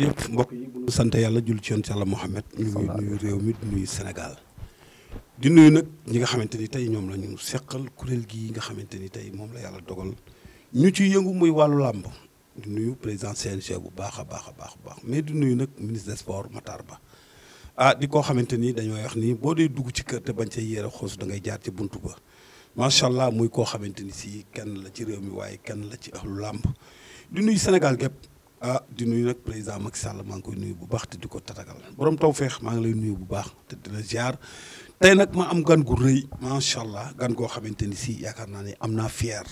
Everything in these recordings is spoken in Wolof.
jërëjëf mbokk yi bu ñu sant yàlla jul ci yoon ci yàlla Mouhamed ñu réew mi di nuyu Sénégal di nuyu nag ñi nga xamante ni tey ñoom la ñu seqal kuréel gii nga xamante ni tey moom la yàlla dogal ñu ci yëngu muy wàllu làmb du nuyu président CNG bu baax a baax a baax baax mais du nuyu nag ministre des sports Matar Ba ah di koo xamante ni dañoo wax ni boo dee dugg ci kër bañ cee yéere xoos da ngay jaar ci buntu ba macha allah muy koo xamante ni si kenn la ci réew mi waaye kenn la ci ahlu làmb di nuyu Sénégal gépp ah di nuyu nag président Macky Sall maa ngi koy nuyu bu baax te di ko tatagal taw tawféex maa ngi lay nuyu bu baax te di la ziar tey nag ma am gan gu rëy macha allah gan goo xamante ni si yaakaar naa ne am naa fier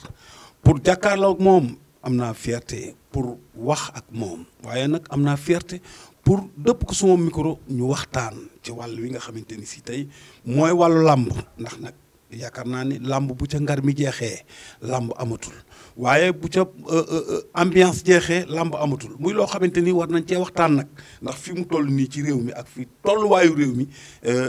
pour jàkkaarloo ak moom am naa fierté pour wax ak moom waaye nag am naa fierté pour dëpp ko suma micro ñu waxtaan ci wàll wi nga xamante ni si tey mooy wàllu làmb ndax nag. yaakaar naa ni làmb bu ca ngar mi jeexee làmb amatul waaye bu ca euh, euh, euh, ambiance jeexee làmb amatul muy loo xamante ni war nañ cee waxtaan nag ndax fi mu toll nii ci réew mi ak fi tolluwaayu réew mi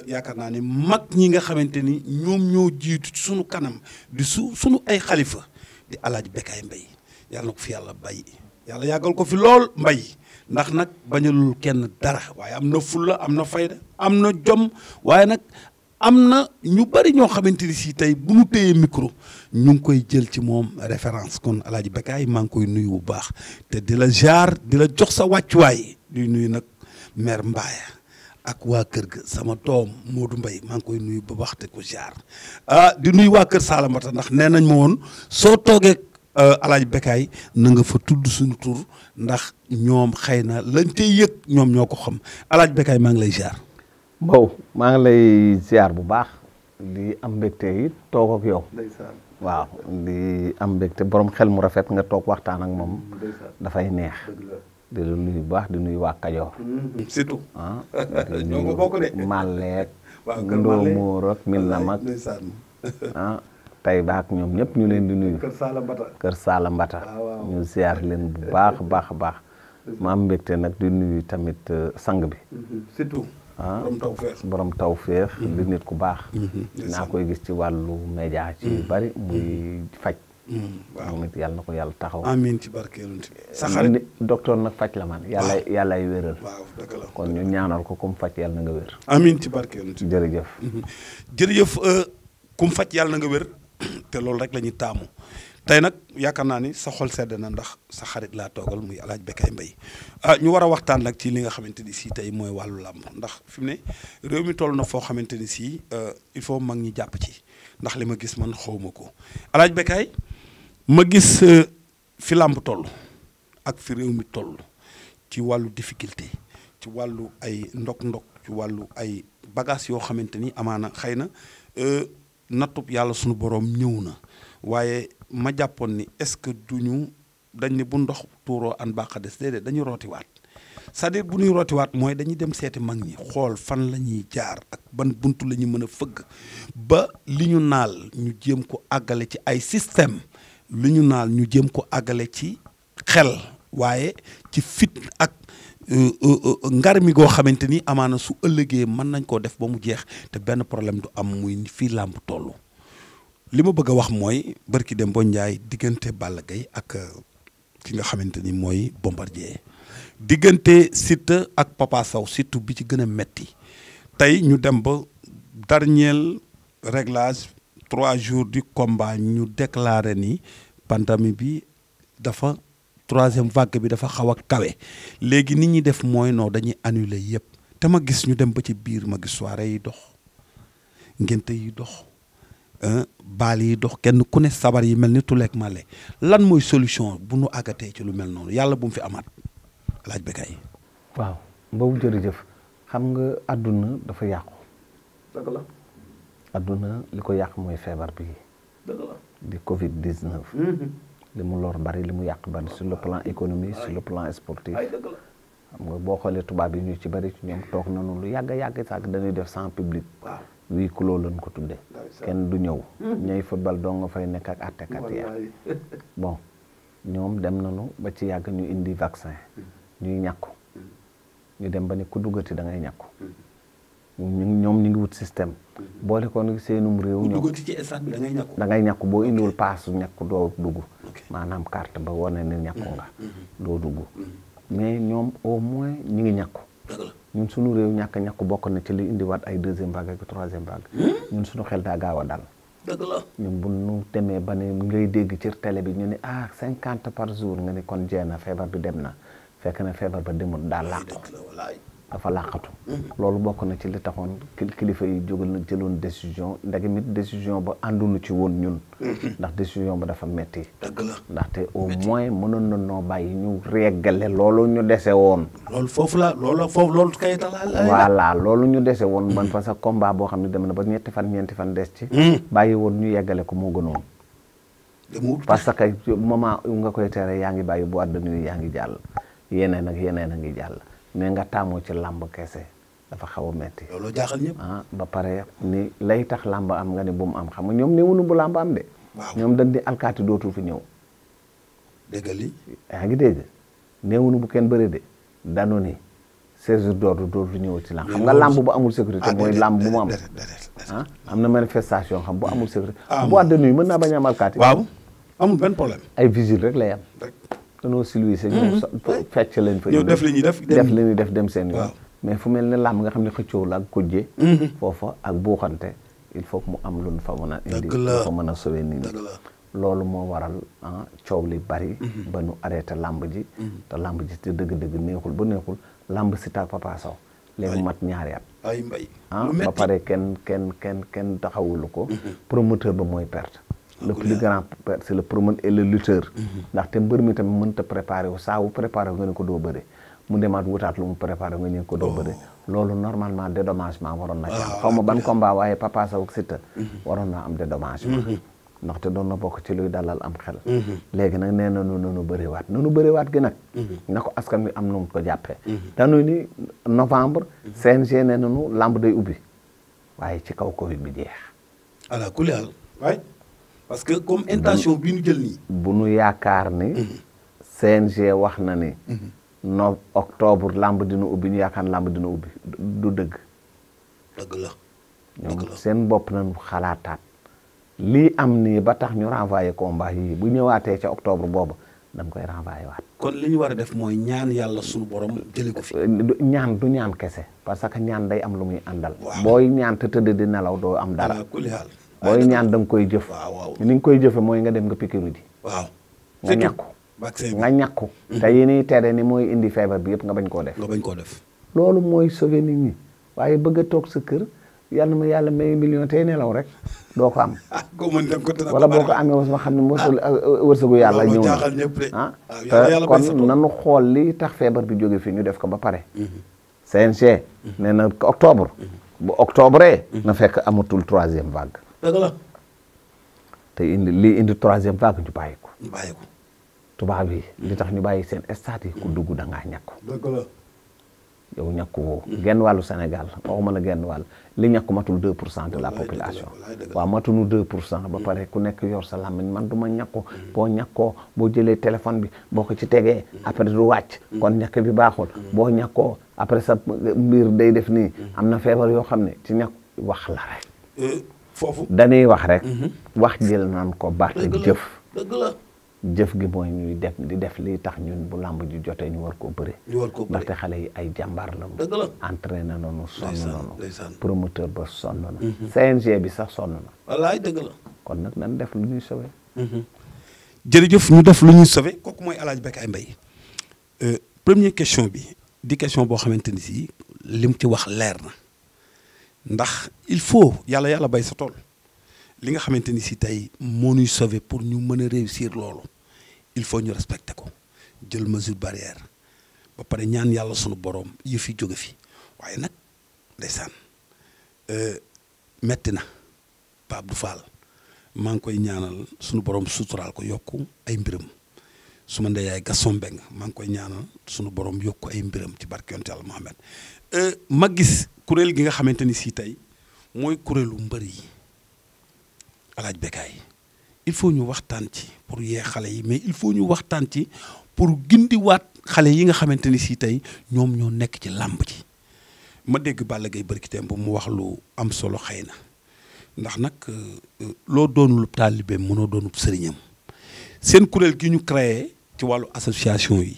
yaakaar naa ni mag ñi nga xamante ni ñoom ñoo jiitu ci sunu kanam di su sunu ay xalifa di Alaaji Bekaay Mbay yàlla na ko fi yàlla bay yàlla yàggal ko fi lool mbay ndax nag bañalul kenn dara waaye am na fulla am na fayda am na jom waaye nag am na ñu bari ñoo xamante ni si tey bu ñu téyee micro ñu ngi koy jël ci moom référence kon Alaaji Bekaay maa ngi koy nuyu bu baax te di la jaar di la jox sa wàccuwaay di nuyu nag mère Mbaaya ak waa kër ga sama doom Modou mbay maa ngi koy nuyu ba waxte ko jaar ah di nuyu waa kër Saala Mata ndax nee nañ ma woon soo toogee euh, Alaaji Bekaay na nga fa tudd suñu tur ndax ñoom xëy na lañ tey yëg ñoom ñoo ko xam Alaaji Bekaay maa ngi lay jaar. Mbow mang ngi lay ziar bu baax di am mbégte yi toog ak yow. waaw di am mbégte borom xel mu rafet nga toog waxtaan ak moom. dafay neex. di la nuyu baax di lu waa Kajoor. surtout. ah di nuyu Malek. waaw Kër Malek Ndoomoor ak Minam ak. ah tey baax ñoom ñëpp ñu leen di nuyu. Kër salam bata Kër Saala Mbata. ñu ziar leen bu baax baax baax. ma am di nuyu tamit sang bi. surtout. ah borom tawféex mm-hmm. di nit ku baax mm-hmm. naa koy gis ci wàllu média ci mm-hmm. bari muy faj waaw moom it yàlla na ko yàlla taxaw. amiin ci barkeelu sa xarit docteur nag faj la man. yàlla yàlla ay wéral. waaw dëgg la kon ñu ñaanal ko kum faj yàlla na nga wér. amiin ci barkeelu jërëjëf. jërëjëf euh, kum faj yàlla na nga wér te loolu rek lañuy taamu. tey nag yaakaar naa ni sa xol sedd na ndax sa xarit laa toogal muy alaaj Bécaye Mbaye ah ñu war a waxtaan nag ci li nga xamante ni si tey mooy wàllu làmb ndax fi mu ne réew mi toll na foo xamante ni si euh, il faut mag ñi jàpp ci ndax li ma gis man xawma ko alaaj Bécaye ma gis euh, fi làmb toll ak fi réew mi toll ci wàllu difficulté ci wàllu ay ndok-ndok ci wàllu ay bagage yoo xamante ni amaana xëy na euh, nattub yàlla sunu boroom ñëw na waaye ma jàppoon ni est-ce que duñu dañ ne bu ndox tuuroo an baax des dañu rootiwaat cest bu ñuy rootiwaat mooy dañuy dem seeti mag ñi xool fan la ñuy jaar ak ban buntu la ñu mën a fëgg ba li ñu naal ñu jéem ko àggale ci ay système li ñu naal ñu jéem ko àggale ci xel waaye ci fit ak euh, euh, euh, ngar mi goo xamante ni amaana su ëllëgee mën nañ koo def ba mu jeex te benn problème du am muy fii làmb tollu li ma bëgg a wax mooy barki dem boo njaay diggante Balla Gaye ak euh, ki nga xamante ni mooy Bombardier diggante Siteu ak Papa Sow bi ci gën a metti tey ñu dem ba dernier réglage trois jours di combat ñu déclaré ni pandémie bi dafa troisième vague bi dafa xaw ak kawe léegi nit ñi def mooy non dañuy annule yëpp te ma gis ñu dem ba ci biir ma gis soirée yi dox ngénte yi dox baal yi dox kenn ku ne sabar yi mel ni tuleeg male lan mooy solution bu nu àggatee ci lu mel noonu yàlla bu mu fi amaat laaj bi kay waaw boobu jërëjëf xam nga àdduna dafa yàqu dëgg la li ko yàq mooy feebar bi dëgg la di covid 19 mhm. li mu lor bari li mu yàq bari sur le plan économique sur le plan sportif xam nga boo xoolee tubaab yi ñu ci bari ci ñoom toog nañu lu yàgg yàgg sax dañuy def sans public wii kuloo lañ ko tudde kenn du ñëw ñooy football doo nga fay nekk ak àttekat ya bon ñoom dem na nañu ba ci yàgg ñu indi vaccin mm-hmm. ñuy ñàkku mm-hmm. ñu dem ba ne ku duggati da ngay ñàkku mm-hmm. ñoom ñu ngi wut système boole ko nag seenum réew ñoom duggati ci da ngay ñàkku da ngay ñàkku boo indiwul paasu ñàkku doo dugg maanaam carte ba wane ne ñàkku nga doo dugg mais ñoom au moins ñu ngi ñàkku ñun suñu réew ñàkk a ñàkk bokk na ci li indiwaat ay deuxième vague ak troisième vague. Hmm? ñun suñu xel daa gaaw a dal. dëgg ñun bu nu demee ba ne ngay dégg ci tele bi ñu ne ah cinquante par jour nga ne kon jeena feebar bi dem na fekk na feebar ba demul daal làqu. dafa làqatu loolu bokk na ci li taxoon kilifa yi jógal na jëloon décision ndagamit décision ba àndunu ci woon ñun mhm. ndax décision ba dafa metti ndaxte au moins mënoon na noo bàyyi ñu reggale loolu ñu dese woon loolu foofu la loolu foofu loolu kayita la voilà loolu ñu dese woon man fa sa combat boo xam ne dem na ba ñetti fan ñeenti fan des ci mhm. bàyyi woon ñu yeggale ko moo gënoon parce que moment nga koy tere yaa ngi bàyyi bu àdduna yaa ngi jàll yeneen ak yeneen a ngi jàll mais nga taamu ci làmb kese dafa xaw a metti loolu jaaxal ñëpp ah ba pare ni lay tax làmb am nga ne bu mu am xam nga ñoom ne wunu bu làmb am de ñoom da di alkaati dootu fi ñëw déggal li yaa ngi dégg néewunu bu kenn bëri de danu ni séjour d'ordre dootu ñëw ci làmb xam nga làmb bu amul sécurité ah, mooy làmb bu mu am ah, am na manifestation xam bu amul sécurité ah, bu boîte de nuit mën naa bañ a alkaati waaw amul benn ay vigile rek lay am danoo silvissé ñoom fecc lañ fa. ñëw def li def dem seen yoon. mais fu mel ne làmb nga xam ne xëccoo la ak kujje. Mhm. foofa ak buuxante il faut mu am lu fa mën a indi. lu fa mën a sauver nit ñi loolu moo waral ah coow li bari. Mhm. ba nu arrêté làmb ji. Mhm. te làmb ji te dëgg-dëgg neexul ba neexul làmb si taag Papa Sow. léegi mat ñaar at. Ah, ba pare kenn kenn kenn kenn taxawulu ko. promoteur ba mooy perte. le plus grand c'est le promoteur et le lutteur. Mm-hmm. ndaxte mbër mi tamit mënut a préparé wu saa wu wu nga ne ko doo bëre. mu demaat wutaat lu mu préparé nga ne ko doo bëre. Oh. loolu normalement dédommagement waroon na ci am. Ah, xaw ma ban combat waaye Papa Sow ak Siteu. Mm-hmm. waroon naa am dédommagement. Mm-hmm. ndaxte doon na bokk ci luy dalal am xel. léegi nag nee na nu nu bëriwaat nu nu waat gi nag. na ko askan bi am nu mu ko jàppee. dañu ni novembre. CNG nee na nu lamb day ubbi waaye ci kaw Covid bi parce que comme intention bi ñu jël ni bu ñu yaakar ni. CNG wax na ni. Mhm. no octobre lamb dina ubi ñu yaakar lamb dina ubi du deug deug la ñoom seen bopp nañu xalaatat li am ni ba tax ñu renvoyer combat yi bu ñëwaatee ci octobre bobu dañ koy renvoyer waat. kon li ñu wara def moy ñaan yalla suñu borom jëlé ko fi. Euh, ñaan du ñaan kese parce que ñaan day am lu muy andal boy ñaan te teud di nelaw do am dara booy ñaan da nga koy jëf ni nga koy jëfe mooy nga dem nga pikiru ji waaw nga ñàkku nga ñàkku mm-hmm. te yi niy tere ni mooy indi feebar bi yëpp nga bañ koo def nga bañ koo def loolu mooy sauver nit ñi waaye bëgg a toog sa kër yàlla ma yàlla may million tey nelaw rek doo ko am wala boo ko amee wasma xam ne mos ah. euh, euh, wërsëgu yàlla ñëw na ah, ah kon nanu xool li tax feebar bi jóge fi ñu def ko ba pare mm-hmm. CNG mm-hmm. nee na octobre bu octobre na fekk amatul troisième vague te indi lii indi troisième vague ñu bàyyi ko. ñu bàyyi ko. tubaab li tax ñu bàyyi seen stade ku dugg danga ngaa ñàkk. dëgg la. yow ñàkk woo. genn wàllu Sénégal waxuma la genn wàll li ñàkk matul 2 pour cent de la population. waaw matunu 2 pour cent ba pare ku nekk yor sa làmmiñ man du ma ñàkku mm. boo ñàkkoo boo jëlee téléphone bi boo ko ci tegee mm. après du wàcc. Mm. kon ñàkk bi baaxul. boo ñàkkoo après sa mbir day def ni am na feebar yoo xam ne ci ñàkk wax la foofu dañuy wax rek. Mhm. wax jël naan ko barte jëf. dëgg jëf gi mooy ñuy def di def lii tax ñun bu làmb ji jotee ñu war koo bëri. war koo bëri ndaxte xale yi ay jàmbaar la. dëgg la entraîné nañu sonn nañu. promoteur ba sonn na. Mhm. CNG bi sax sonn na. wallaay dëgg kon nag nañ def lu ñuy sauvé. Mhm. jërëjëf ñu def lu ñuy sauvé kooku mooy El Hadj Bécaye Mbaye euh, première question bi di question boo xamante ni si lim ci wax leer na. ndax il faut yàlla yàlla bay sa tool li nga xamante ni si tey moo ñuy sauver pour ñu mën a réussir loolu il faut ñu respecter ko jël mesure barrière ba pare ñaan yàlla sunu boroom yëf fi jóge fi waaye nag ndeysaan euh, metti na Pape Abdou Fall maa ngi koy ñaanal sunu borom suturaal ko yokk ay mbiram su ma ndeyaay Gaston Mbengue maa ngi koy ñaanal sunu borom yokk ay mbiram ti barke yonent Euh, ma gis kuréel gi nga xamante ni si tey mooy kuréelu mbër yi alaaj Bécaye il faut ñu waxtaan ci pour yee xale yi mais il faut ñu waxtaan ci pour gindiwaat xale yi nga xamante ni si tey ñoom ñoo nekk ci làmb ji ma dégg Balla Gaye bërkiteem bu mu wax lu am solo xëy na ndax nag euh, euh, loo doonul taalibeem mënoo doonul sëriñam seen kuréel gi ñu créé ci wàllu association yi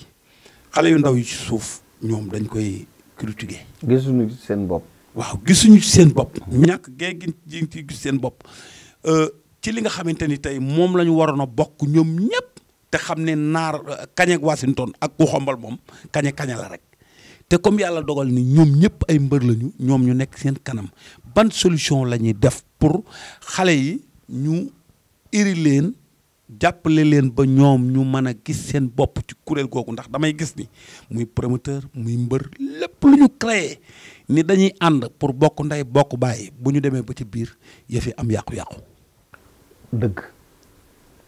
xale yu ndaw yi ci suuf ñoom dañ koy critiqué. gisuñu ci seen bopp. waaw gisuñu ci seen bopp. ñàkk gee gi ci gis seen bopp euh, ci li nga xamante ni tey moom la ñu waroon a bokk ñoom ñëpp te xam ne naar euh, kañ ak Washington ak ku xombal moom kañ kañ la rek te comme yàlla dogal ni ñoom ñëpp ay mbër lañu ñoom ñu nekk seen kanam ban solution la ñuy def pour xale yi ñu iri leen. jàppale leen ba ñoom ñu mën a gis seen bopp ci kuréel googu ndax damay gis ni muy promoteur muy mbër lépp lu ñu créé ni dañuy ànd pour bokk ndey bokk bàyyi bu ñu demee ba ci biir yëf fi am yàqu-yàqu. dëgg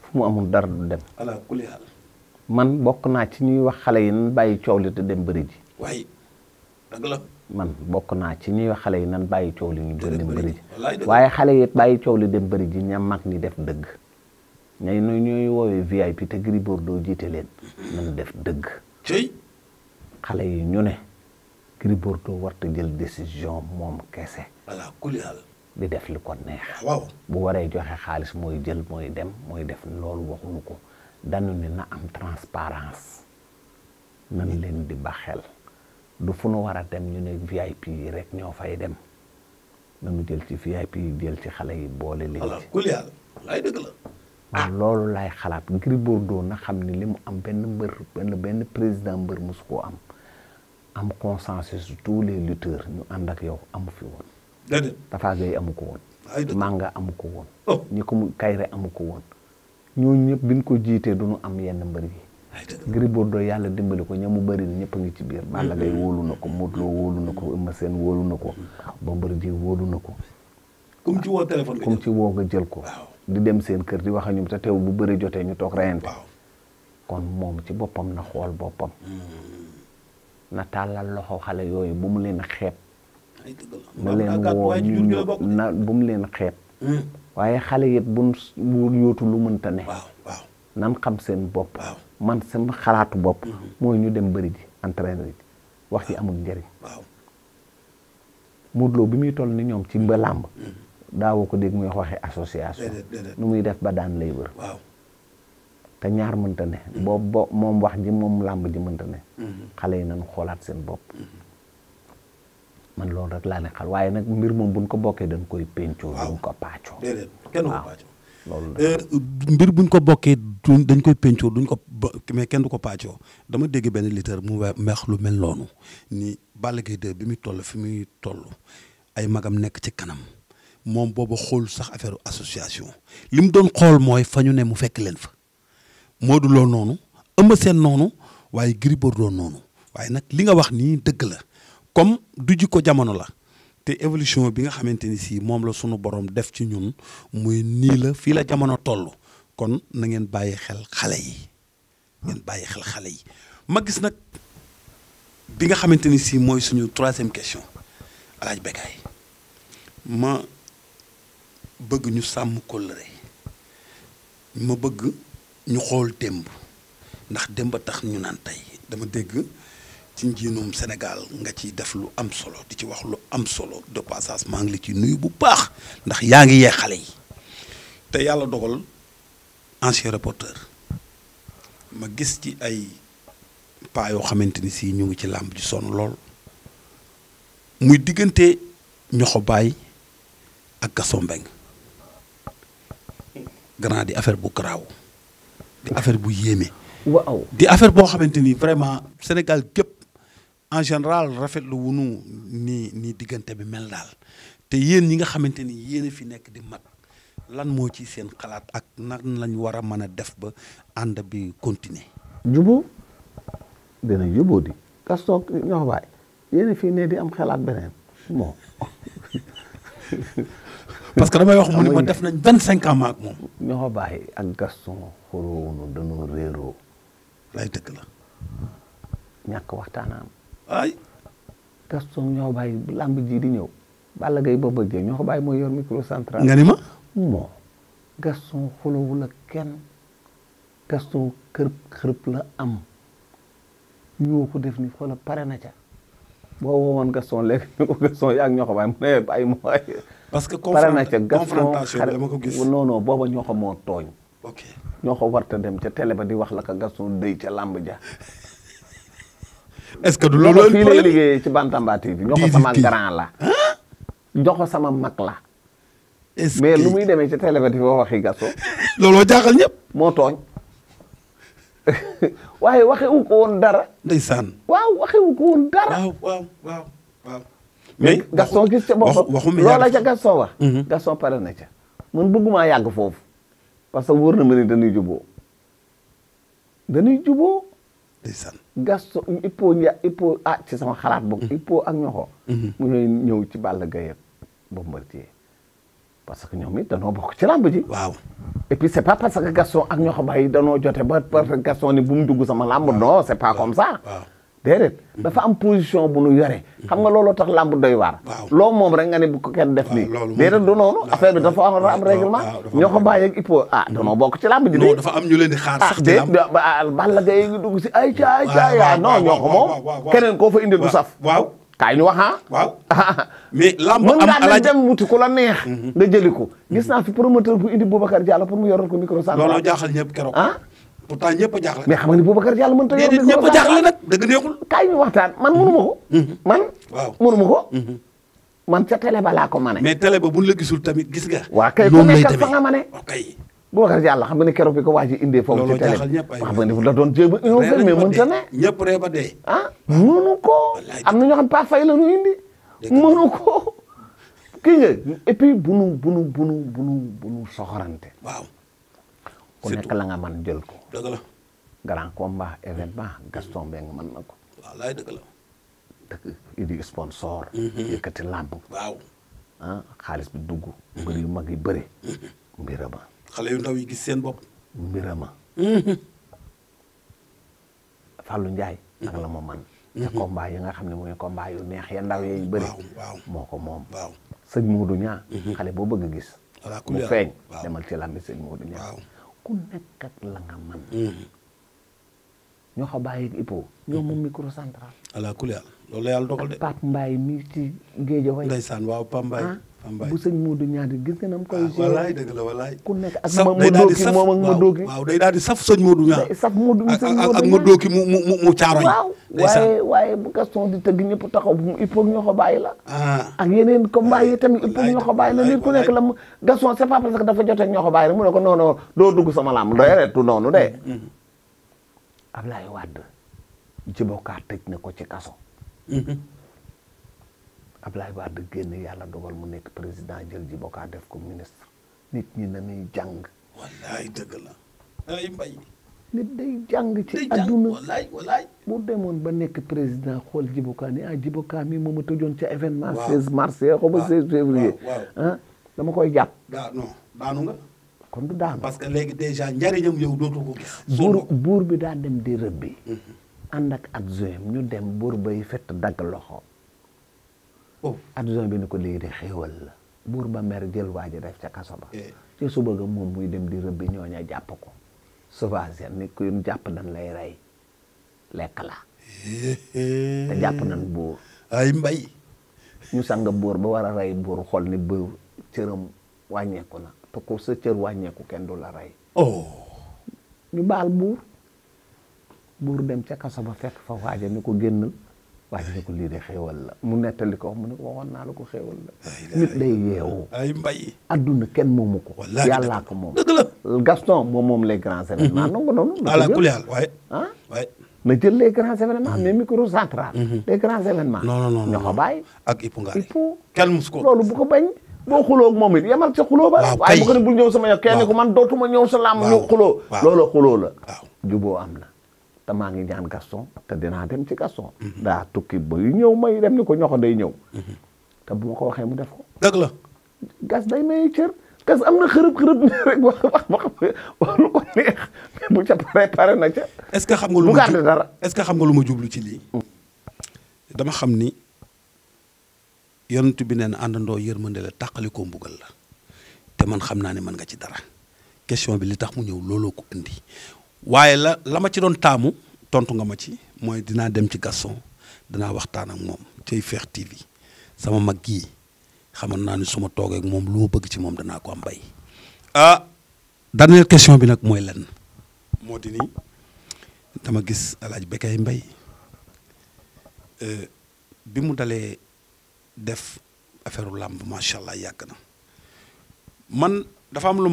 fu mu amul dara du dem. ala kulli man bokk naa ci ñuy wax xale yi nan bàyyi coow li dem bëri waaye dëgg la. man bokk naa ci ñuy wax xale yi nan bàyyi coow li ñu dem bëri ji. waaye xale yi bàyyi coow li dem bëri ji mag ñi def dëgg. ñay ñooy ñooy woowee VIP te Gris Bordeaux jiite leen nañ def dëgg. xale yi ñu ne Gris Bordeaux warta jël décision moom kese. voilà kuliyal. di def li ko neex. waaw bu waree joxe xaalis mooy jël yi dem mooy def loolu waxuñu ko dañu ne na am transparence nan leen di ba xel du fu nu war a dem ñu ne VIP yi rek ñoo fay dem nañu jël ci VIP yi jël ci xale yi boole leen. man ah. loolu laay xalaat Gris doo na xam ni li mu am benn mbër benn président mbër mosu koo am am consensus tous les lutteurs ñu ànd ak yow amu fi woon. déedéet Tafa Gueye amu ko woon. Manga amu ko woon. ñi oh. ko mu Kayre amu ko woon. ñooñu ñëpp biñ ko jiitee du ñu am yenn mbër yi. Gris doo yàlla dimbali ko ñamu bëri na ñëpp a ci biir Balla Gaye mm-hmm. wóolu na ko Modou Lo wóolu ko Eumeu Sène wóolu na ko mm-hmm. Bombardier wóolu ko. ci woo téléphone jël ko. di dem seen kër di wax ak ñoom te teew bu bari jotee ñu toog reyante kon moom ci boppam na xool boppam hmm. na tàllal loxo xale yooyu bu mu leen xeeb na leen woo ñu na bu mu leen xeeb hmm. waaye xale yit buñ bu yóotu lu mënta ne nan xam seen bopp man sama xalaatu bopp hmm. mooy ñu dem bëri ji entraîner ji wax ci amul njëriñ Modou Lo bi muy toll ni ñoom ci mba làmb daawoo ko dégg muy wax waxee association. nu muy def ba daan lay wër. waaw te ñaar mënta ne. Mm-hmm. boobu moom wax ji moom làmb ji mënta ne. Mm-hmm. xale yi nañu xoolaat seen bopp. Mm-hmm. man loolu rek laa ne xal waaye nag mbir moom buñ ko bokkee dañ koy pencoo. duñ ko paacoo. Euh, mbir buñ ko bokkee dañ koy pencoo duñ ko mais kenn du ko paacoo dama dégg benn litre mu meex lu mel noonu nii Balla Gaye bi muy toll fu muy toll ay magam nekk ci kanam. moom booba xool sax affaire association li mu doon xool mooy fa ñu ne mu fekk leen fa Modou Lo noonu Eumeu seen noonu waaye Gris Bordeaux noonu waaye nag li nga wax nii dëgg la comme du jikko jamono la te évolution bi nga xamante ni si moom la sunu borom def ci ñun muy nii la fii la jamono toll kon na ngeen bàyyi xel xale yi ngeen bàyyi xel xale yi ma gis nag bi nga xamante ni si mooy suñu troisième question alaaj Bécaye bëgg ñu sàmm kóllëre ma bëgg ñu xool démb ndax démb tax ñu naan tey dama dégg ci njiinum Sénégal nga ci def lu am solo di ci wax lu am solo de passage maa ngi la ci nuyu bu baax ndax yaa ngi yee xale yi te yàlla dogal ancien reporter ma gis ci ay paa yoo xamante ni si ñu ngi ci làmb ji sonn lool muy diggante ñoxo baay ak Gaston Mbengue grand des affaires bu garaaw di affaire bu yéeme. waaw di affaire boo xamante vraiment Sénégal gépp en général rafetlu wunu ni ni diganté bi mel dal te yeen ñi nga xamanteni ni fi nek di mat lan mo ci seen xalaat ak nan lañ wara mëna def ba ànd bi continuer. jubóo dina jubóo di Gaston ñox bay yéen fi ne di am xalaat benen bon. parce que damay wax mu ni ma def nañ 25 ans ma ak moom. ñoo baye ak garçon xoro wonu dañu rero lay dëgg la. ñak waxtanam ay. garçon ñoo baye lamb ji di ñew Balla gay ba bëggee ñoo ko bàyyi mooy yor micro central. nga ni ma. garçon Gaston wu la kenn garçon kërëb kërëb la am ñoo ko def ni xola paré na ca. boo woowoon Gaston léegi ñu ko garçon yaak ngi ñoo ko bàyyi mu ne bàyyi mu parce que confrontation dama ko gis non non booba ñoo ko moo tooñ. ok ñoo ko warta dem ca télé ba di wax la ka Gaston dëy ca làmb ja. est-ce que du loolu la fii lay liggéeyee ci Bantamba TV ñoo ko sama grand la. jox sama mag la. est-ce que mais lu muy demee ca télé ba di fa waxi Gaston. looloo jaaxal ñëpp. moo tooñ. waaye waxewu ko woon dara. ndeysaan. waaw waxewu dara. mais Gaston gis ca boppam loola ca Gaston wax mhm. Gaston pare na ca man bëggumaa yàgg foofu parce que wóor na ma ne dañuy juboo dañuy juboo ndeysaan Gaston ah, ci sama xalaat boobu Ippo ak ñoxo mhm. mu ñëw ci Balla Gaye ak Bombardier parce que ñoom it danoo bokk ci làmb ji waaw et puis c' est pas parce que Gaston ak ñoxo bay danoo jote ba parce que Gaston ni bu mu dugg sama làmb non c' est pas déedéet dafa am position bu nu yore xam nga looloo tax làmb doy waar loo moom rek nga ne bu ko kenn def nii déedéet du noonu affaire bi dafa war a am règlement ñoo ko ah, bokk ci làmb ji de dafa am ñu leen di xaar ah, sax ci a Balla Gaye ngi dugg si ay ca ay ca yaa non ñoo ko moom keneen koo indi du saf waaw kaay ñu wax ah waaw mais làmb am alaaj mën dem wuti ku la neex mhm. nga jëli ko gis naa fi promoteur bu indi Boubacar Diallo pour mu yoral ko micro san looloo jaaxal ñëpp keroog ah? pourtant ñëpp a xam nga ni Boubacar Diallo mënut a yor. déedéet ñëpp a jaaxle nag dëgg neexul. man mënu ma ko. Mhm. man. waaw mënu ma ko. Mhm. man ca télé ba laa ko mane. mais télé ba bu ñu tamit gis nga. waa kay ku nekkal fa nga mane. ok Boubacar Diallo xam nga ni keroog bi ko waa ji indee. foofu ci télé bi wax nga ni la doon jéem a. réer mais ne. ñëpp ah, ko. am na ñoo xam pas fay la ñu indi. mënu ko. kii nga et puis bu nu bu nu bu nu bu waaw ku nekk la nga man jël ko. dëgg la grand combat événement Gaston Mbengue mën na ko. wallaay la. dëgg sponsor. Mhm. yëkkati iya, làmb. waaw ah xaalis bi dugg. mbir yu mag yi bëri. mbirama. Mhm. Mhm. xale yu ndaw yi gis seen bopp. mbirama. Fallou Ndiaye. ak la ma man te combat yi nga xam ne combat yu neex ya ndaw yooyu bëri. waaw moo ko moom. waaw sëñ Modou Niang. xale boo bëgg a gis. mu feeñ demal ci Modou ku nekk ak la nga man mm-hmm. ñoo xa bàyyi Ipo ñoo moom micro central. ala loolu la yàlla de. Pape Mbaye mi ci géej way. ndeysaan waaw Pape bu sëñ Moodu ñaari gis nga nam koy. Ah, walaay dëgg la walaay. ku nekk ak ma daal di saf sëñ Moodu ñaar saf Moodu sëñ Moodu ak ma dooki mu mu mu mu caaroñ. waaye waaye bu Gaston di tëgg ñëpp taxaw il faut ñoo ko bàyyi la. Ah. ak yeneen combat yi tamit il faut ñoo la nit ku nekk la mu Gaston c'est pas parce dafa joteeg ñoo ko bàyyi mu ne ko non non doo dugg sama làmb déedéet tu noonu de. Mm, mm. Ablaye Wade. Djibo Ka tëj ne ko ci kaso. Mm-hmm. Ablaye Wade génn yàlla dogal mu nekk président jël ji bokkaa def ko ministre nit ñi nañuy jàng. wallaay dëgg la. ay ci adduna wallaay wallaay bu demoon ba nekk président xool jibokaa ni ah jibokaa mi moom a tëjoon ca événement. waaw 16 mars eh, xaw ma 16 février. Ah, dama koy jàpp. daa non daanu du daanu. parce que léegi déjà njariñam yow dootu buur bi daa dem di rëbbi. Mhm. ànd ak adjoint ñu dem buur bay fett dagg loxo. adjoint bi ne ko léegi de xéewal la buur ba mer jël waaja def ca kaso ba eh. ci suba ga moom muy dem di rëbbi ñooña jàpp ko sauvage ni ku jàpp nan lay rey lekk la eh. te jàpp nan buur ay mbay ñu sanga buur ba war a rey buur xool ni buur cëram wàññeeku na te ko sa cër wàññeeku kenn du la rey oh. ñu baal buur buur dem ca kaso ba fekk fa waaja ni ko génnal waaye gis nga ko lii de xéewal la mu nettali ko mu ne ko waxoon naa la ko xéewal la nit day yeewu ay mbay adduna kenn moomu ko yàllaa ko moom dëgg la Gaston moom moom les grands mhm. événements nangu noonu ala kulli haal waaye ah waaye na jël les grands événements mais mhm. micro central mhm. les grands événements non non ñoo ko bàyyi ak Ipu Ngari Ipu kenn mus ko loolu bu ko bañ boo xuloo ak moom it yemal ca xuloo ba waaye bu ko ne bul ñëw sama yow kenn ku man dootuma ñëw sa làmb ñu xuloo loolu xuloo la juboo am na te maa ngi ñaan Gaston te dinaa dem ci Gaston. Mhm. daa tukki ba ñëw may dem ni ko ñoxo day ñëw. Mhm. te bu ma ko waxee mu def ko. dëgg la. gas day may cër. gas am na xërëb xërëb na ca. est-ce que xam nga lu ma jublu est-ce xam nga ma jublu ci lii. Mm. dama xam ni yonent bi neen àndandoo yërmande la tàqali ko mbugal la te man xam naa ne mën nga ci dara question bi li tax mu ñëw looloo ko indi. waaye la la ma ci doon taamu tontu nga ma ci mooy dinaa dem ci garçon dinaa waxtaan ak moom cay fex TV sama mag gii xaman naa ni su ma toogee ak moom lu ma bëgg ci moom danaa ko am bay ah dernière question bi nag mooy lan moo di dama gis alaaj euh, bi mu dalee def affaire lamb macha allah yàgg na man dafa am lu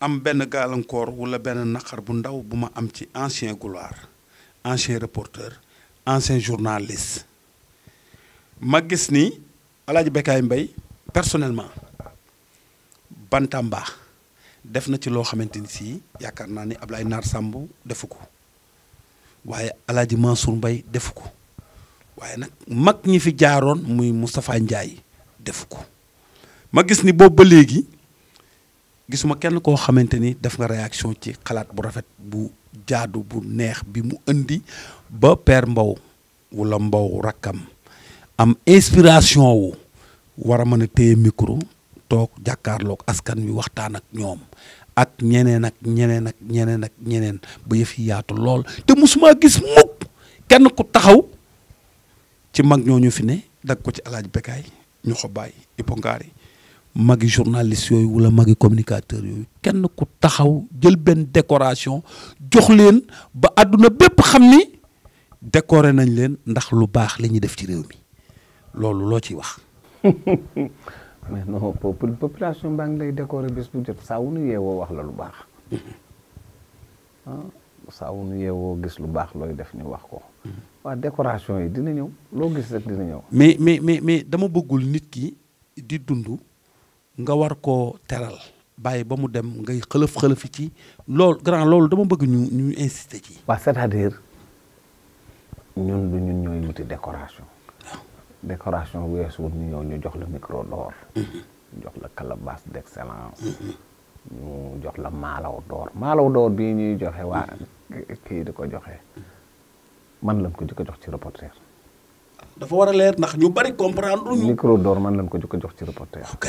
am benn gàllankoor wala benn naqar bu ndaw bu ma am ci ancien gloire ancien reporter ancien journaliste ma gis ni Alaaji Bécaye Mbaye personnellement Bantamba def na ci loo xamante ni si yaakaar naa ni ab Ablaye Naar Samb defu ko waaye Alaaji Mansour mbay defu ko waaye nag mag ñi fi jaaroon muy Moustapha Ndiaye defu ko ma gis ni boobu ba léegi gisuma kenn koo xamante ni def nga réaction ci xalaat bu rafet bu jaadu bu neex bi mu indi ba Père Mbow wala Mbow rakkam am inspiration wu war a mën a téye micro toog jàkkaarlook askan wi waxtaan ak ñoom ak ñeneen ak ñeneen ak ñeneen ak ñeneen ba yëf yi yaatu lool te musuma gis mukk kenn ku taxaw ci mag ñooñu fi ne dagg ko ci alaaj bekaay ñu xobbaay ipongaar yi magi journaliste wala magi communicateur kenn ku taxaw décoration jox leen ba aduna bép xamni nañ leen ndax lu baax li ñi def ci réew mais non population baa lay bu jot la mm-hmm. ah, gis lu def décoration mais mais mais mais dama bëggul ki nga war ko teral baye ba mu dem ngay xeleuf xeleuf ci loolu grand loolu dama bëgg ñu ñu insister ci. wa c'est-à-dire ñun du ñun ñoy wuti décoration. décoration weesuwul ñu ñëw ñu jox le micro d'or. Mhm. jox la calebasse d'excellence. Mhm. ñu jox la malaw d'or malaw d'or bi ñuy joxe wa mhm. ki di ko joxe man lañ ko jëkk jox ci reporter. dafa war a leer nak ñu bari comprendre ñu. micro d'or man lañ ko jëkk jox ci reporter. ok.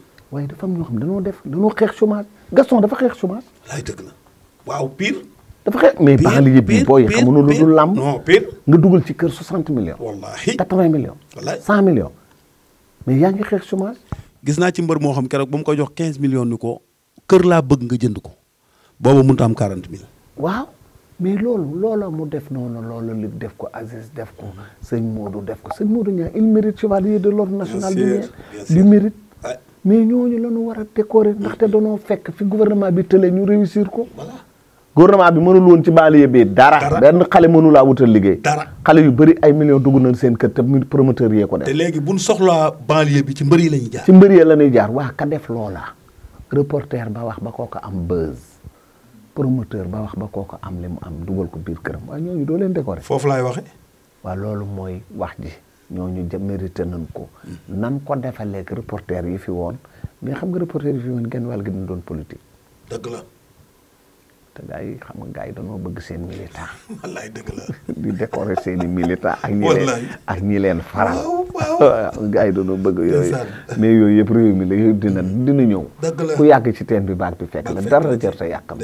waaye dafa am ñoo def dañoo def dañoo xeex chômage Gaston dafa xeex chômage. la waaw pire. dafa xeex mais baax liggéey bi booy xamuñu lu dul làmb. non pire nga dugal ci kër 60 millions. wallaahi 80 millions. wallaahi 100 millions. mais yaa ngi xeex chômage. gis naa ci mbër moo xam keroog ba mu ko jox 15 millions ni ko kër laa bëgg nga jënd ko booba mun a am 40 mille. waaw mais loolu loola mu def noonu loola li def ko Aziz def ko sëñ Modou def ko sëñ Modou Niang il mérite chevalier de l'ordre national mais ñooñu la ñu war a décorer ndaxte danoo fekk fi gouvernement bi tële ñu réussir ko. gouvernement bi mënul woon ci banlieue bi dara. benn xale mënu laa wutal liggéey. dara xale yu bëri ay millions dugg nañ seen kër te promoteur yee ko def. léegi bu ñu soxlaa banlieue bi ci la ñuy jaar. ci mbëri la jaar waa ka def loola. reporter ba wax ba kooka am buzz promoteur ba wax ba kooka am li mu am dugal ko biir këram waaye ñooñu doo leen décorer. foofu laay waxee. waa loolu mooy wax ji. ñooñu jëm mérité nañ ko. nan ko defaleeg reporter yi fi woon mais xam nga reporter yi fi woon genn wàll gi doon politique. dëgg la. te gars yi xam nga gars yi dañoo bëgg seen militant. wallaay dëgg la. di décorer seen i militant ak ñi ak ñi leen faral. waaw gars yi dañoo bëgg yooyu. mais yooyu yëpp réew mi la dina dina ñëw. ku yàgg ci teen bi baag bi fekk la dara jar te yàqam.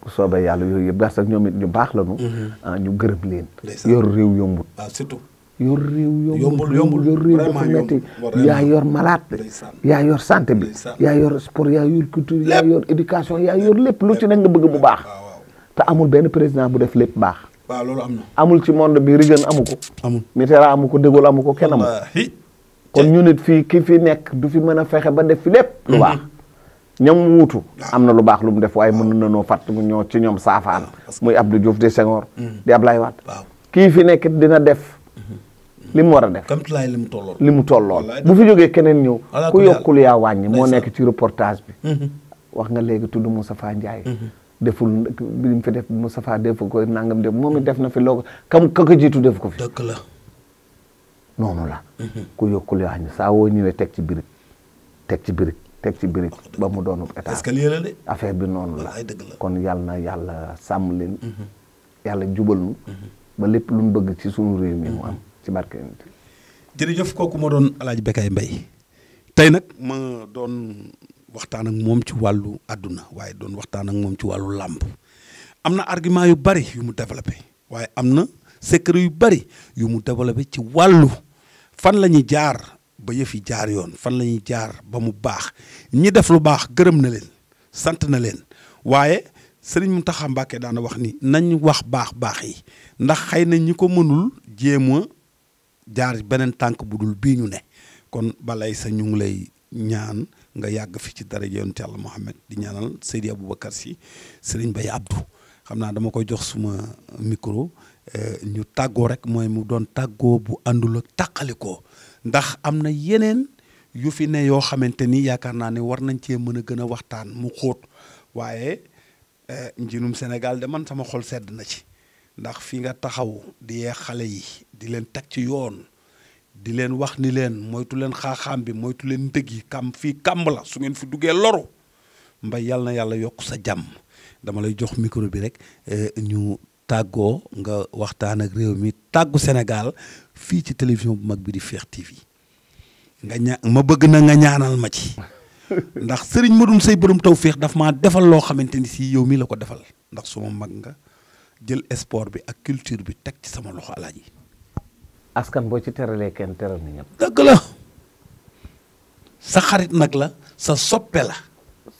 bu soobee yàlla yooyu yëpp daal sax ñoom it ñu baax la ñu. Mm-hmm. Ah, ñu gërëm leen. yor réew yombut. surtout. yor réew yombul yombul yor réew dafa métti yaa yor malade bi yaa yor santé bi yaa yor sport yaa yor culture yaa éducation yaa yor lu ci nekk bëgg bu baax te amul benn président bu def lépp baax waaw loolu am na amul ci monde bi Reagan amu ko amul Mitterrand amu ko De amu ko kenn amu kon ñu nit fii ki fi nekk du fi mën a fexe ba def fi lépp lu mhm. baax mu wutu am na lu baax lu mu def waaye mën na noo fàtt mu ñoo ci ñoom saafaan muy Abdou Diouf di Senghor mhm. di Ablaye Wade kii fi nekk dina def li mu war a def li mu tollool li mu tollool bu fi jógee keneen ñëw ku yokkul yaa wàññi moo nekk ci reportage bi mhm. wax nga léegi tudd Moustapha Ndiaye mhm. deful bi mu fi def Moustapha def ko nangam def moom def na fi loo kam ka ko jiitu def ko fi dëgg la noonu la mhm. ku yokkul yaa wàññi saa woo ñëwee teg ci birig teg ci birig teg ci birig ba mu doonub état affaire bi noonu la kon yàlla na yàlla sàmm leen yàlla jubal nu ba lépp lu mu bëgg ci sunu réew mu am ci barke jërëjëf kooku ma doon alaaj Bécaye Mbaye tey nag ma doon waxtaan ak moom ci wàllu àdduna waaye doon waxtaan ak moom ci wàllu làmb am na argument yu bari yu mu développé waaye am na secret yu bari yu mu développé ci wàllu fan la ñuy jaar ba yëf jaar yoon fan la ñuy jaar ba mu baax ñi def lu baax gërëm na leen sant na leen waaye sëriñ Mountakha Mbacké daana wax ni nañ wax baax baax yi ndax xëy na ñi ko mënul jéema jaar beneen tànk bu dul bii ñu ne kon balay sa ñu ngi lay ñaan nga yàgg fi ci daraja yonent Yàlla Muhammad di ñaanal Seydi Aboubacar Si Sëriñ Bay Abdou xam naa dama koy jox suma micro eh, ñu tàggoo rek mooy mu doon tàggoo bu àndul ak ko ndax am na yeneen yu fi ne yoo xamante ni yaakaar naa ne war nañ cee mën a gën a waxtaan mu xóot waaye eh, njiinum Sénégal de man sama xol sedd na ci ndax fi nga taxaw di ye xalé yi di len tak ci yoon di len wax ni len moytu len xaxam bi moytu len ndëg kam fi kam la su ngeen fi duggé loru mbay yàlla na yàlla yok sa jam dama lay jox micro bi rek eh, ñu tago nga waxtaan ak rew mi tàggu Sénégal fi ci télévision bu mag bi di fex TV nga ma bëgg na nga ñaanal ma ci ndax serigne Madoum sey borom tawfiq daf ma defal lo xamanteni ci si yow mi la ko defal ndax suma mag nga jël sport bi ak culture bi teg ci sama loxo alaaji askan boo ci teralee kenn teral ni ñëpp. dëgg la sa xarit nag la sa soppe la.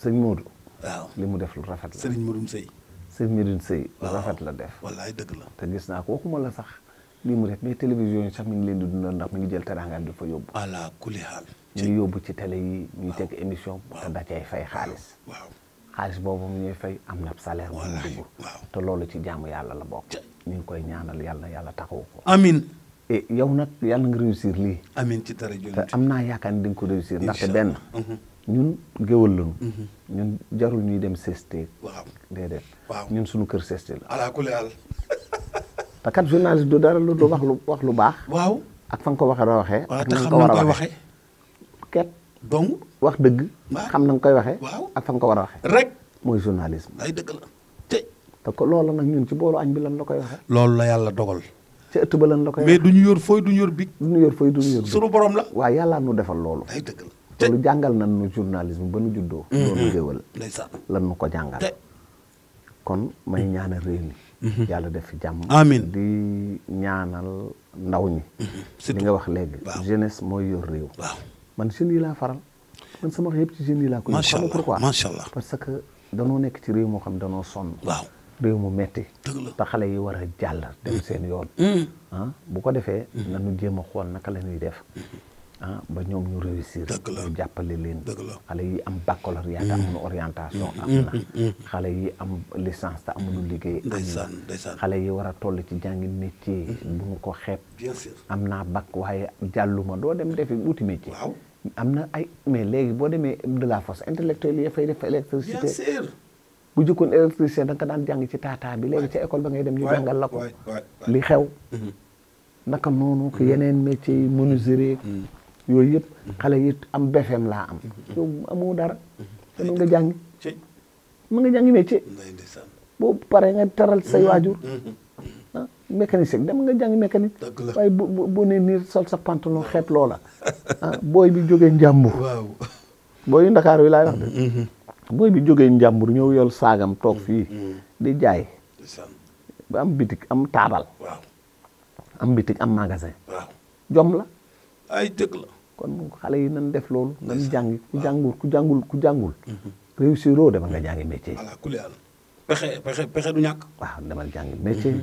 sëñ Modou. waaw li mu def lu rafet la sëriñ Modou Seye. sëñ Modou Seye lu rafet la def. wallaay dëgg la te gis naa ko waxuma la sax lii mu def mais télévision yi sax mi ngi leen di dundal ndax mu ngi jël teraangaam di fa yóbbu. ala yóbbu ci télé yi. ñu teg émission. waaw te da cay fay xaalis. xaalis boobu mu ñuy fay am na salaire. bu te loolu ci jaamu yàlla la bokk. ñu ngi koy ñaanal yàlla yàlla taxawu ko. amiin. et yow nag yàlla nga réussir lii. ci dara te am naa yaakaar ni di ko réussir. ndaxte benn. Mhm. ñun géwal lañu. Mhm. ñun jarul ñuy dem sesté. waaw déedéet. waaw ñun suñu kër sesté la. ala kulli àll. te kat journaliste du dara lu wax lu wax lu baax. ak fa nga ko waxee ak na war a waxee. donc wax dëgg. xam na nga koy waxe waaw ak fa nga ko war a waxee. rek mooy journalisme. ay dëgg la te. te ko loolu nag ñun ci boolu añ bi lan la koy waxee. loolu la yàlla dogal. ci ëtt ba lan la koy waxee mais du ñu yor fooy du ñu yor bi. du ñu yor fooy du ñu yor bi sunu borom la. waaw yàlla nu defal loolu. ay dëgg la te lu jàngal nan nu journalisme ba nu juddoo. loolu mm-hmm. lan nu ko jàngal. kon may ñaanal réew mi. Mm-hmm. yàlla def fi jàmm. amiin di ñaanal ndaw ñi. Mm-hmm. li nga wax léegi jeunesse mooy yor réew. man jeunes yi laa faral man sama yëpp ci jeunes yi laa koy. macha que danoo nekk ci réew moo xam danoo son waaw réew mu metti te xale yi war a jàll dem seen yoon. Mm. Mm. ah bu ko defee. Mm. nañu jéem a xool naka la ñuy def. Mm-hmm. ah ba ñoom ñu réussir. dëgg la ñu jàppale leen. dëgg la xale yi am baccalauréat te amuñu orientation. Mm-hmm. am na mm-hmm. xale yi am licence te amuñu liggéey. ndeysaan ndeysaan xale yi war a toll ci jàngi métier. bu ñu ko xeeb. am naa bac waaye jàlluma doo dem defi wuti métier. waaw am na ay mais léegi boo demee de la force intellectuelle yi fay def électricité bien sûr bu jëkkoon électricité da nga daan jàng ci taataa bi léegi ca école ba ngay dem ñu jàngal la ko li xew mhm. naka noonu ko mhm. yeneen métiers yi menuiserie mhm. yooyu yëpp xale yi am BFM laa am yow amoo dara te mën nga jàngi mën nga jàngi métier bo paree nga teral say waajur ah mécanicien dem nga jàngi mécanique. waaye bu nii sol sa pantalon xeet loola ah booy bi jógee njàmbur. waaw booy Ndakaar wi laay wax mm-hmm, mm-hmm. bi jógee njàmbur ñëw yol saagam toog fii. Mm-hmm, di jaay. ba am bitik am taabal. waaw am bitik am magasin. waaw jom la. kon xale yi na def loolu. nan jàngi ku jàngul ku jàngul ku jàngul. réussir oo dama nga jàngi métier. ku pexe pexe pexe du ñàkk. waaw demal jàngi métier.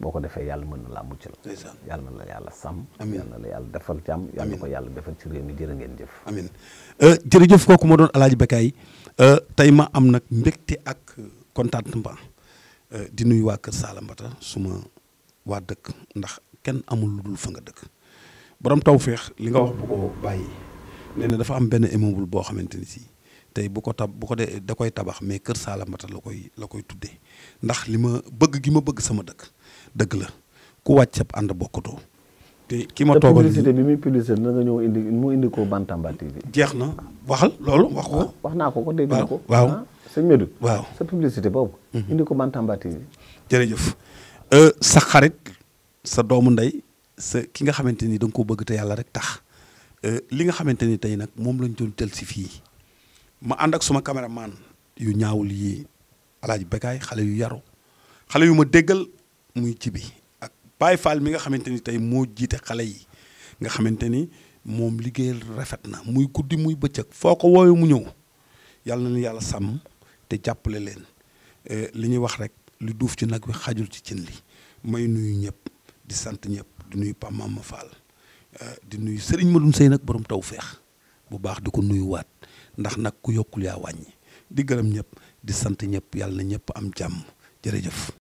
boo ko defee yàlla mën na laa mucc la yàlla na la yàlla sàmm yàlla na la yàlla defal jàmm yàlla na ko yàlla defal ci réew mi jërë ngeen jëf amin euh, jërëjëf kooku ma doon alaaji Bécaye euh, tey ma am nag mbégte ak contentement euh, di nuyu waa kër su ma waa dëkk ndax kenn amul lu dul fa nga dëkk borom taw tawféex li nga wax bu ko bàyyi nee dafa am benn immeuble boo xamante ni si tey bu ko tab bu ko dee da koy tabax mais kër Salambata la koy la koy tuddee ndax li ma bëgg gi ma bëgg sama dëkk dëgg la ku wàcc sab ànd bokkutoo te ki ma toogal publicité bi muy publicité na nga ñëw indi mu indi ko Bantamba TV jeex na waxal loolu wax ko ah, wax naa ko ko dégg ko waaw ah, sëñ Médou waaw sa publicité boobu mhm. indi ko Bantamba TV jërëjëf euh, sa xarit sa doomu ndey sa ki nga xamante ni da nga ko bëgg te yàlla rek tax euh, li nga xamante ni tey nag moom lañ doon tel si fii ma ànd ak suma caméraman yu ñaawul yi alaaji bekaay xale yu yaru xale yu ma déggal muy ci bi ak Baye Fall mi nga xamante ni tey moo jiite xale yi nga xamante ni moom liggéeyal rafet na muy guddi muy bëccëg foo ko wooyu mu ñëw yàlla na yàlla sàmm te jàppale leen eh, li ñuy wax rek lu duuf ci nag wi xajul ci cin li may nuyu ñëpp di sant ñëpp di nuyu Pape Mama Fall eh, di nuyu Serigne Madoum Sey nag borom taw feex bu baax di ko nuyuwaat ndax nag ku yokkul yaa wàññi di gërëm ñëpp di sant ñëpp yàlla na ñëpp am jàmm jërëjëf.